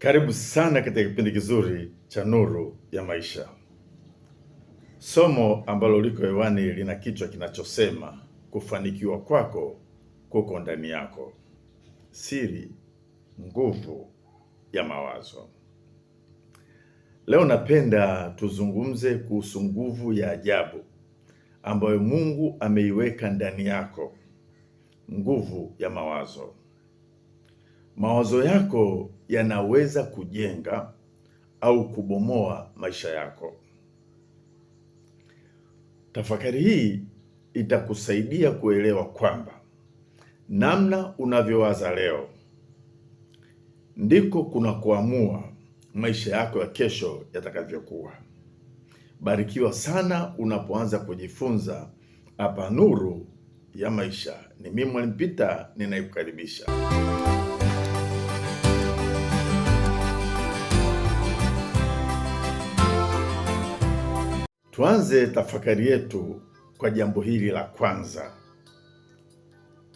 Karibu sana katika kipindi kizuri cha Nuru ya Maisha. Somo ambalo liko hewani lina kichwa kinachosema kufanikiwa kwako kuko ndani yako, siri nguvu ya mawazo. Leo napenda tuzungumze kuhusu nguvu ya ajabu ambayo Mungu ameiweka ndani yako, nguvu ya mawazo. Mawazo yako yanaweza kujenga au kubomoa maisha yako. Tafakari hii itakusaidia kuelewa kwamba namna unavyowaza leo ndiko kuna kuamua maisha yako ya kesho yatakavyokuwa. Barikiwa sana unapoanza kujifunza hapa Nuru ya Maisha. Ni mimi Mwalimu Peter ninayekukaribisha. Tuanze tafakari yetu kwa jambo hili la kwanza.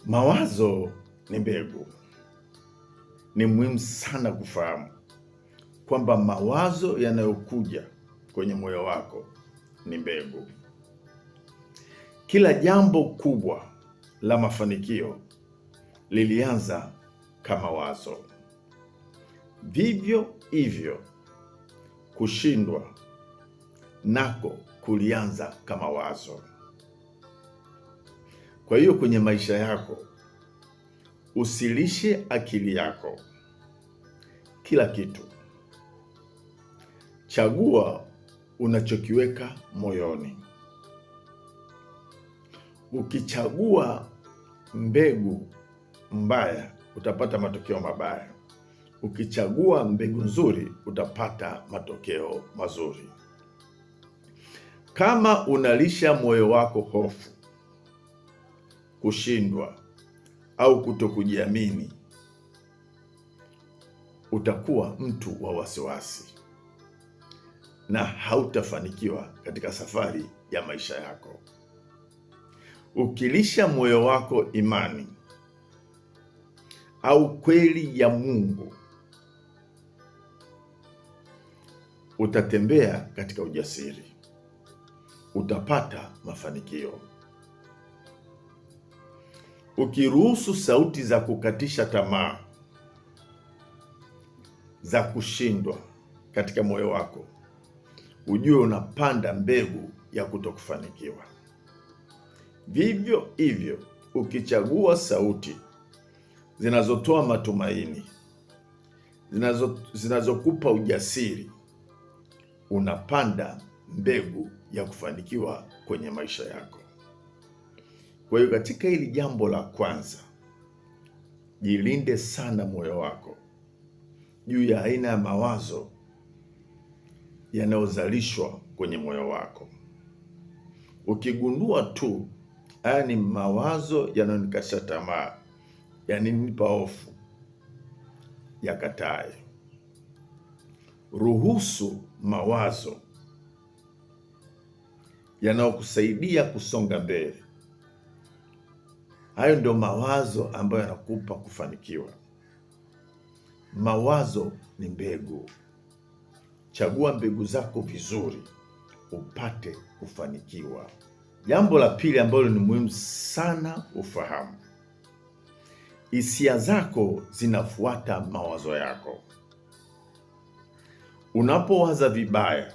Mawazo ni mbegu. Ni muhimu sana kufahamu kwamba mawazo yanayokuja kwenye moyo wako ni mbegu. Kila jambo kubwa la mafanikio lilianza kama wazo. Vivyo hivyo kushindwa nako kulianza kama wazo. Kwa hiyo kwenye maisha yako usilishe akili yako kila kitu. Chagua unachokiweka moyoni. Ukichagua mbegu mbaya utapata matokeo mabaya. Ukichagua mbegu nzuri utapata matokeo mazuri. Kama unalisha moyo wako hofu, kushindwa au kutokujiamini, utakuwa mtu wa wasiwasi na hautafanikiwa katika safari ya maisha yako. Ukilisha moyo wako imani au kweli ya Mungu, utatembea katika ujasiri utapata mafanikio. Ukiruhusu sauti za kukatisha tamaa, za kushindwa katika moyo wako, ujue unapanda mbegu ya kutokufanikiwa. Vivyo hivyo, ukichagua sauti zinazotoa matumaini, zinazo, zinazokupa ujasiri, unapanda mbegu ya kufanikiwa kwenye maisha yako. Kwa hiyo katika hili jambo la kwanza, jilinde sana moyo wako juu ya aina ya mawazo yanayozalishwa kwenye moyo wako. Ukigundua tu haya ni mawazo yanayonikasha tamaa, yananipa hofu, yakatae. Ruhusu mawazo yanayokusaidia kusonga mbele. Hayo ndio mawazo ambayo yanakupa kufanikiwa. Mawazo ni mbegu. Chagua mbegu zako vizuri upate kufanikiwa. Jambo la pili ambalo ni muhimu sana ufahamu, hisia zako zinafuata mawazo yako. Unapowaza vibaya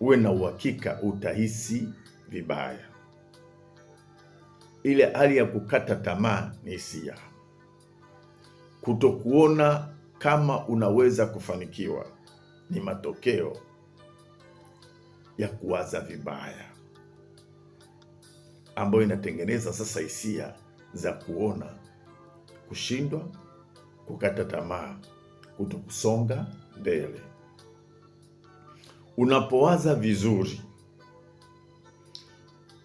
uwe na uhakika utahisi vibaya. Ile hali ya kukata tamaa ni hisia, kutokuona kama unaweza kufanikiwa ni matokeo ya kuwaza vibaya, ambayo inatengeneza sasa hisia za kuona kushindwa, kukata tamaa, kutokusonga mbele. Unapowaza vizuri,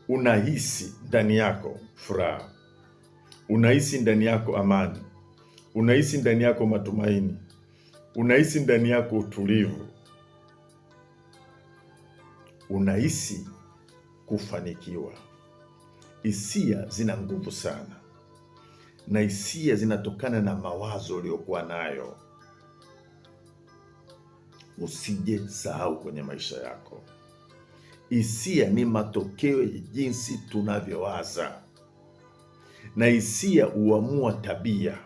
unahisi ndani yako furaha, unahisi ndani yako amani, unahisi ndani yako matumaini, unahisi ndani yako utulivu, unahisi kufanikiwa. Hisia zina nguvu sana, na hisia zinatokana na mawazo uliyokuwa nayo usije sahau kwenye maisha yako. Hisia ni matokeo ya jinsi tunavyowaza, na hisia huamua tabia,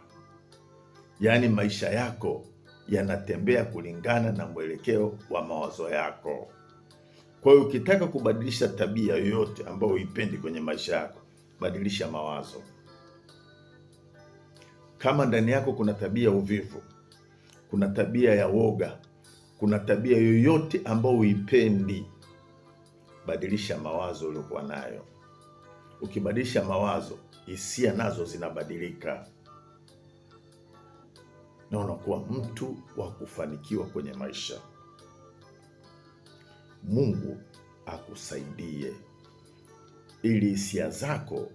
yaani maisha yako yanatembea kulingana na mwelekeo wa mawazo yako. Kwa hiyo ukitaka kubadilisha tabia yoyote ambayo huipendi kwenye maisha yako, badilisha mawazo. Kama ndani yako kuna tabia uvivu, kuna tabia ya woga, kuna tabia yoyote ambayo huipendi, badilisha mawazo uliokuwa nayo. Ukibadilisha mawazo, hisia nazo zinabadilika na unakuwa mtu wa kufanikiwa kwenye maisha. Mungu akusaidie ili hisia zako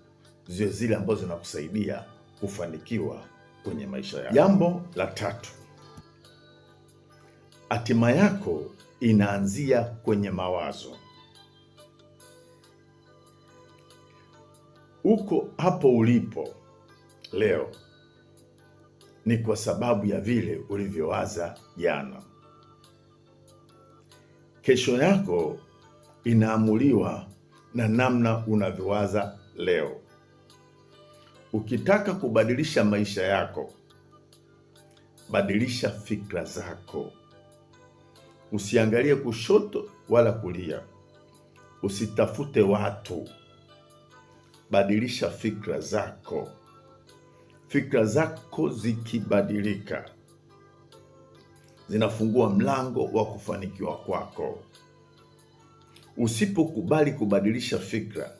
ziwe zile ambazo zinakusaidia kufanikiwa kwenye maisha yako. Jambo la tatu hatima yako inaanzia kwenye mawazo. Uko hapo ulipo leo ni kwa sababu ya vile ulivyowaza jana. Kesho yako inaamuliwa na namna unavyowaza leo. Ukitaka kubadilisha maisha yako, badilisha fikra zako. Usiangalie kushoto wala kulia, usitafute watu, badilisha fikra zako. Fikra zako zikibadilika, zinafungua mlango wa kufanikiwa kwako. Usipokubali kubadilisha fikra,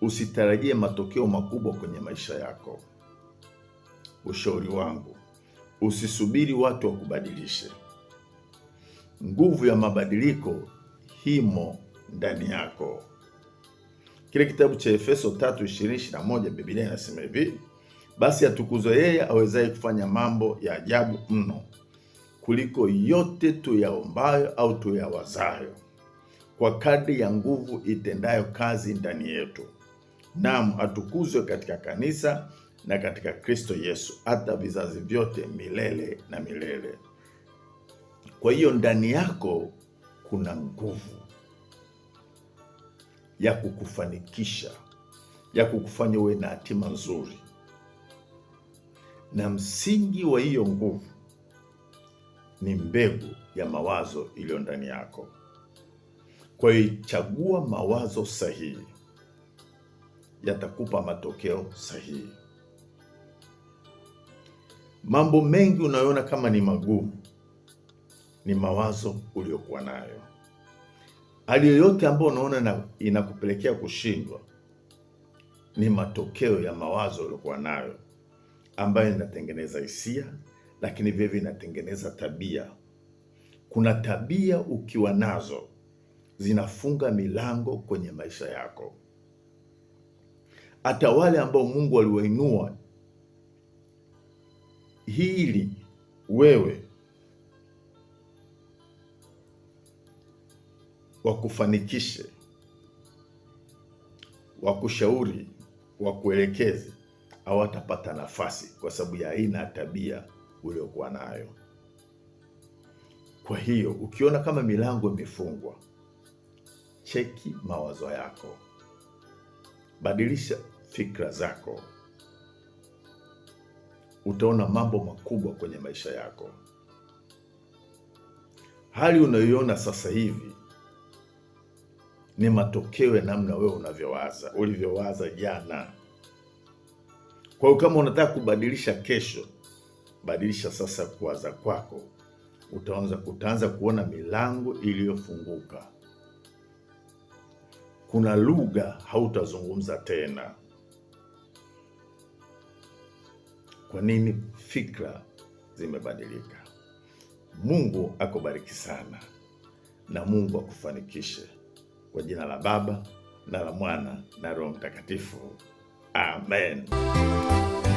usitarajie matokeo makubwa kwenye maisha yako. Ushauri wangu, usisubiri watu wakubadilishe nguvu ya mabadiliko himo ndani yako. Kile kitabu cha Efeso 3:20-21 Biblia inasema hivi, basi atukuzwe yeye awezaye kufanya mambo ya ajabu mno kuliko yote tuyaombayo au tuyawazayo, kwa kadri ya nguvu itendayo kazi ndani yetu. Naam, atukuzwe katika kanisa na katika Kristo Yesu, hata vizazi vyote milele na milele. Kwa hiyo ndani yako kuna nguvu ya kukufanikisha, ya kukufanya uwe na hatima nzuri, na msingi wa hiyo nguvu ni mbegu ya mawazo iliyo ndani yako. Kwa hiyo chagua mawazo sahihi, yatakupa matokeo sahihi. Mambo mengi unayoona kama ni magumu ni mawazo uliokuwa nayo. Hali yoyote ambayo unaona inakupelekea kushindwa ni matokeo ya mawazo uliokuwa nayo, ambayo inatengeneza hisia, lakini vile vile inatengeneza tabia. Kuna tabia ukiwa nazo zinafunga milango kwenye maisha yako. Hata wale ambao Mungu aliwainua hili wewe wakufanikishe, wakushauri, wakuelekeze hawatapata nafasi kwa sababu ya aina ya tabia uliokuwa nayo. Kwa hiyo ukiona kama milango imefungwa, cheki mawazo yako, badilisha fikra zako, utaona mambo makubwa kwenye maisha yako. Hali unayoiona sasa hivi ni matokeo ya namna wewe unavyowaza, ulivyowaza jana. Kwa hiyo kama unataka kubadilisha kesho, badilisha sasa kuwaza kwako. Utaanza kutaanza kuona milango iliyofunguka. Kuna lugha hautazungumza tena. Kwa nini? Fikra zimebadilika. Mungu akubariki sana na Mungu akufanikishe. Kwa jina la Baba na la Mwana na Roho Mtakatifu, amen.